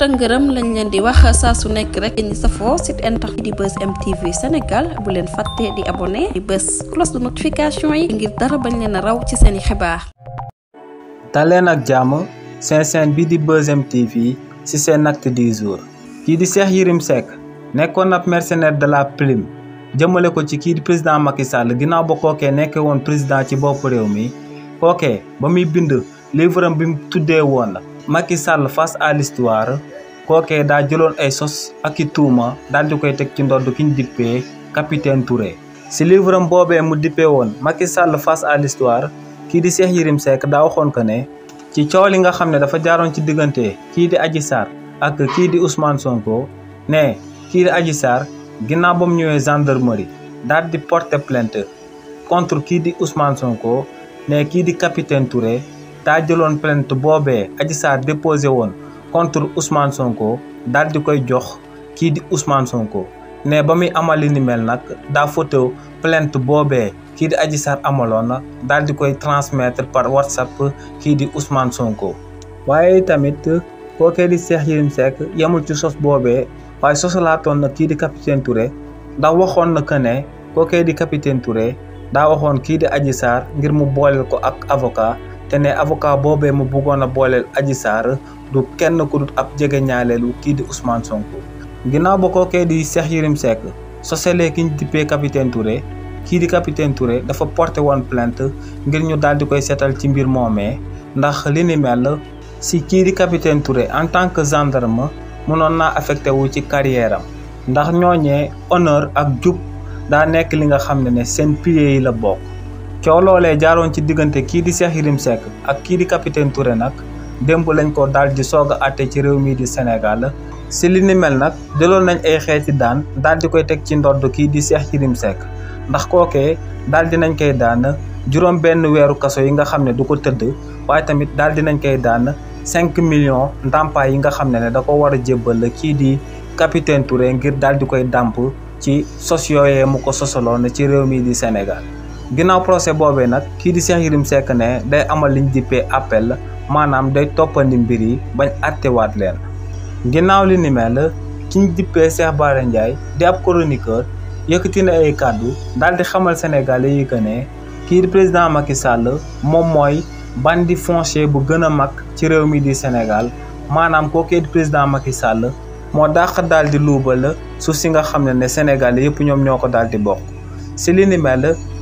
tëngërëm lañ leen di wax saa su nekk rek ni safoo site internet di bës mtv sénégal bu leen fàtte di abonné di bës cloche de notification yi ngir dara bañ leen a raw ci seeni xibaar daleen ak jàmm seen seen bi di bës mtv ci seen acte du jour kii di cheikh yirim seck nekkoon ab mercenaire de la plume jëmale ko ci kii di président Macky Sall ginnaaw ba kookee nekkee woon président ci bopp réew mi kookee ba muy bind livre bi mu tuddee woon Macky Sall face à l'histoire kookee daa jëloon ay sos ak i tuuma daal di koy teg ci ndodd ki ñu dippee capitaine Touré. si livre am boobee mu dippee woon Macky Sall face à l'histoire kii di Cheikh Yérim Seck daa waxoon ko ne ci coow li nga xam ne dafa jaaroon ci diggante kii di Adji Sarr ak kii di Ousmane Sonko ne kii di Adji Sarr ginnaaw ba mu ñëwee gendarmerie daal di porter plainte contre kii di Ousmane Sonko ne kii di capitaine Touré. daa jëloon plainte boobee Adji Sarr déposé woon contre Ousmane Sonko daal di koy jox kii di Ousmane Sonko ne ba muy amal li ni mel nag daa photo plainte boobee kii di Adji Sarr amaloon na daal di koy transmettre par WhatsApp kii di Ousmane Sonko. waaye tamit kookee di Cheikh Yérim Seck yemul ci sos boobee waaye sosalaatoon na kii di capitaine Touré ndax waxoon na que ne kookee di capitaine Touré daa waxoon kii di Adji Sarr ngir mu booleel ko ak avoca te ne avocat boobee mu bëggoon a booleel Adji Sarr du kenn ku dul ab jege ñaaleelu kii di Ousmane Sonko. ginnaaw ba kookee di Cheikh Yérim Seck soselee ki ñu dippee capitaine Touré kii di capitaine Touré dafa porté woon plante ngir ñu daal di koy seetal ci mbir moomee ndax li ni mel si kii di capitaine Touré en tant que gendarme mënoon naa affecté wu ci carrière ndax ñooñee honneur ak jub daa nekk li nga xam ne ne seen piliers yi la bokk. coow loolee jaaroon ci diggante kii di Cheikh Yérim Seck ak kii di capitaine Touré nag démb lañ ko daal di soog a ci réew mii di Sénégal si li ni mel nag jëloon nañ ay xeeti daan daal di koy teg ci ndodd kii di Cheikh Yérim Seck ndax kooke daal di nañ koy daan juróom benn weeru kaso yi nga xam ne du ko tëdd waaye tamit daal di nañ koy daan cinq millions ndàmpaay yi nga xam ne ne da ko war a jébbal kii di capitaine Touré ngir daal di koy dàmp ci sos yee mu ko sosaloon ci réew mii di Sénégal ginnaaw procès boobee nag kii di Cheikh Yérim sekk ne day amal liñ dippee appel maanaam day toppandi mbir yi bañ attewaat leen ginnaaw li ni mel kiñ dippee Cheikh Bara Ndiaye di ab chroniqueur yëkkati na ay kàddu daal di xamal Sénégalais yi que ne kii di président Macky Sall moom mooy bandi foncier bu gën a mag ci réew mi di Sénégal maanaam kookee di président Macky sàll moo dàq daal di luubal suuf si nga xam ne ne Sénégalais yëpp ñoom ñoo ko daal di bokk si li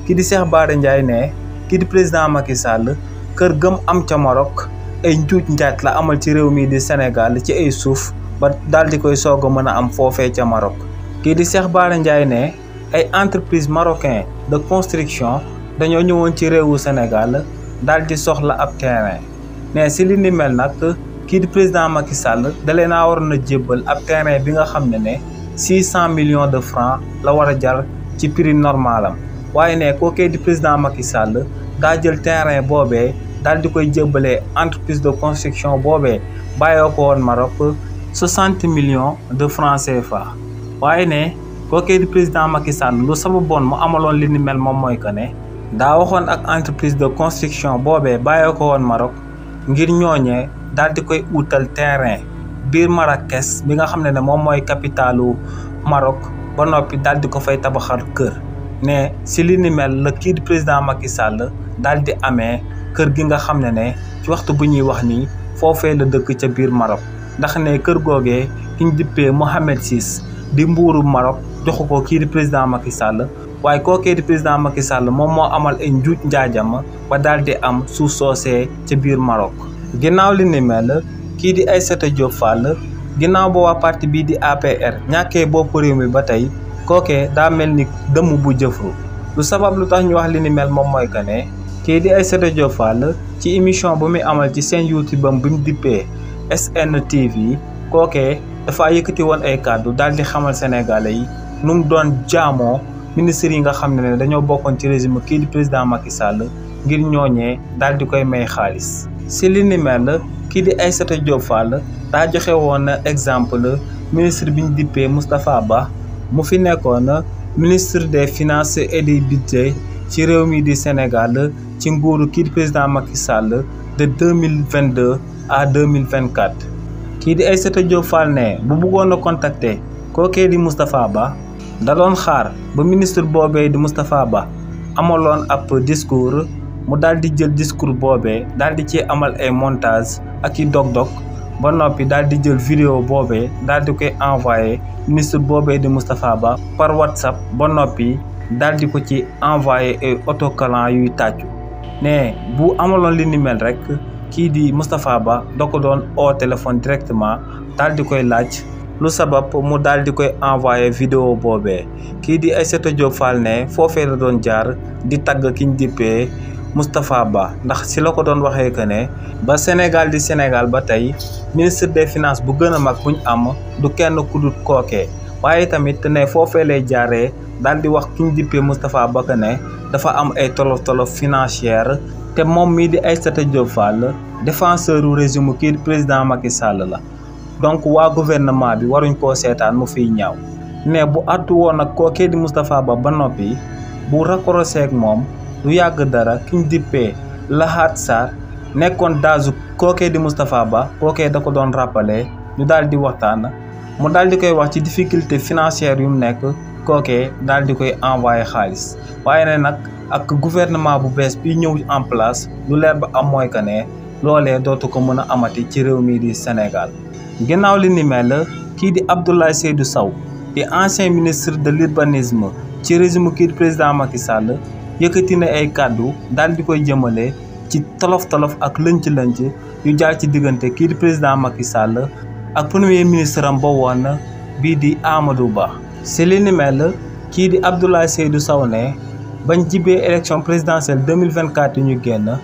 kii di Cheikh Bara Ndiaye nee kii di président Macky Sall kër gëm am ca Maroc ay njuuj njaaj la amal ci réew mii di Sénégal ci ay suuf ba daal di koy soog a mën a am foofee ca Maroc kii di seex baara Ndiaye ne ay entreprise marocain de construction dañoo ñëwoon ci réewu Sénégal daal di soxla ab terrain mais si li ni mel nag kii di président Macky Sall dalee naa waroon a jébbal ab terrain bi nga xam ne ne six cent millions de francs la war a jar ci prix normal am waaye ne kookee di président Macky Sall daa jël terrain boobee daal di koy jëbbalee entreprise de construction boobee bàyyoo ko woon Maroc 60 millions de français CFA waaye ne kookee di président Macky Sall lu sababoon mu amaloon li ni mel moom mooy que ne daa waxoon ak entreprise de construction boobee bàyyoo ko woon Maroc ngir ñooñee daal di koy uutal terrain biir marakes bi nga xam ne ne moom mooy capitalu Maroc ba noppi daal di ko fay tabaxal kër ne si li ni mel la kii président Macky Sall daal di amee kër gi nga xam ne ne ci waxtu bu ñuy wax nii foofee la dëkk ca biir Maroc ndax ne kër googee ki ñu dippee Mohamed di mbuuru Maroc joxu ko kii président Macky Sall waaye kookee di président Macky moom moo amal ay njuuj njaajam ba daal di am suuf soosee ca biir Maroc. ginnaaw li mel kii di Aïssata Diop ginnaaw ba waa parti bii di APR ñàkkee bopp réew mi ba tey. kookee daa mel ni dëmm bu jëfru lu sabab lu tax ñu wax li moom mooy que kii di Aïssata Diop Fall ci émission bu muy amal ci seen youtube am bi mu dippee SNTV kookee dafa yëkkati woon ay kàddu daal di xamal sénégalais yi nu mu doon jaamoo ministres yi nga xam ne ne dañoo bokkoon ci régime kii di président Macky Sall ngir ñooñee daal di koy may xaalis si li kii di Aïssata Diop Fall daa joxe woon exemple ministre bi ñu dippee Moustapha Ba mu fi nekkoon ministre de finance et du ci réew mi di Sénégal ci nguuru kii président Macky Sall de deux mille vingt deux à deux mille vingt quatre. kii di Aïssata Diop Fall ne bu bëggoon a contacter kookee di Moustapha Ba daloon xaar ba ministre boobe di Moustapha Ba amaloon ab discours mu daal di jël discours boobe daal di ci amal ay montage ak i dog-dog. ba noppi daal di jël vidéo boobee daal di koy envoyé ministre boobee di Moustapha Ba par WhatsApp ba noppi daal di ko ci envoyé ay autocollant yuy tàccu ne bu amaloon li ni mel rek kii di Moustapha Ba da ko doon oo téléphone directement daal di koy laaj lu sabab mu daal di koy envoyé vidéo boobe kii di Aïssata Diop Fall ne foofee la doon jaar di tagg ki ñu mustapha Ba ndax ci lako don waxe ke ne ba senegal di senegal ba tay ministre des finances bu gën mag buñ am du kenn ku dut kookee waye tamit ne fofé lay jaré dal di wax kiñ dippé mustapha Ba ke ne dafa am ay tolof tolof financière té mom mi di Aïssata Diop Fall défenseur du régime ki président Macky Sall la donc wa gouvernement bi waruñ ko seetaan mu fi ñaaw ne bu attu won ak di mustapha Ba ba nopi bu rakorosee ak mom du yàgg dara kiñ dippee lahaat Sarr nekkoon daasu kookee di Moustapha Ba kookee da ko doon rappelé ñu daal di waxtaan mu daal di koy wax ci difficulté financière yu mu nekk kookee daal di koy envoyé xaalis waaye ne nag ak gouvernement bu bees bi ñëw en place lu leer ba am mooy que ne loolee dootu ko mën a amati ci réew mii di Sénégal ginnaaw li ni mel kii di Abdoulaye Seydou saw di ancien ministre de l'urbanisme ci régime kii président Macky Sall yëkkati na ay kàddu daal di koy jëmale ci tolof-tolof ak lënc-lënc yu jaar ci diggante kii président Macky Sall ak premier ministre am ba woon bii di Amadou Ba si li ni mel kii di Abdoulaye Seydou Sow ne bañ jibee élection présidentielle 2024 yu ñu génn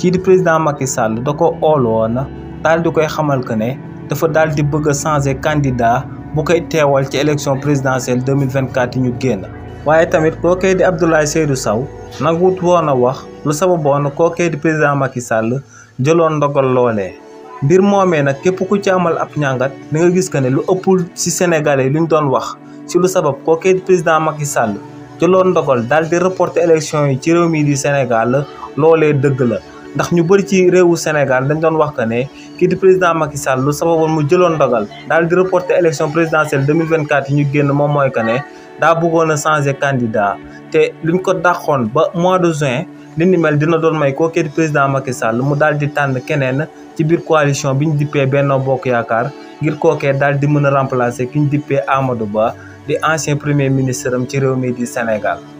kii di président Macky Sall da ko ool woon daal di koy xamal que ne dafa daal di bëgg a changer candidat bu koy teewal ci élection présidentielle 2024 yu ñu génn waaye tamit kookee di Abdoulaye Seydou Sow nanguwut woon a wax lu sababoon kookee di président Macky sàll jëloon ndogal loolee. mbir moomee nag képp ku ci amal ab ñàngat li nga gis que ne lu ëppul ci sénégalais lu ñu doon wax ci lu sabab kookee di président Macky sàll jëloon ndogal daal di reporter élection yi ci réew mii di Sénégal loolee dëgg la. ndax ñu bëri ci réewu Sénégal dañ doon wax que ne kii di président Macky Sall lu sababoon mu jëloon ndogal daal di reporter élection présidentielle 2024 yi ñu génn moom mooy que daa bëggoon a changer candidat te mu ko dàqoon ba mois de juin li ni mel dina doon may koo président Macky Sall mu daal di tànn keneen ci biir coalition bi ñu dippee Benno Bokk Yaakaar ngir kookee daal di mën a remplacer ki ñu dippee Amadou Ba di ancien premier ministre am ci réew mi di Sénégal.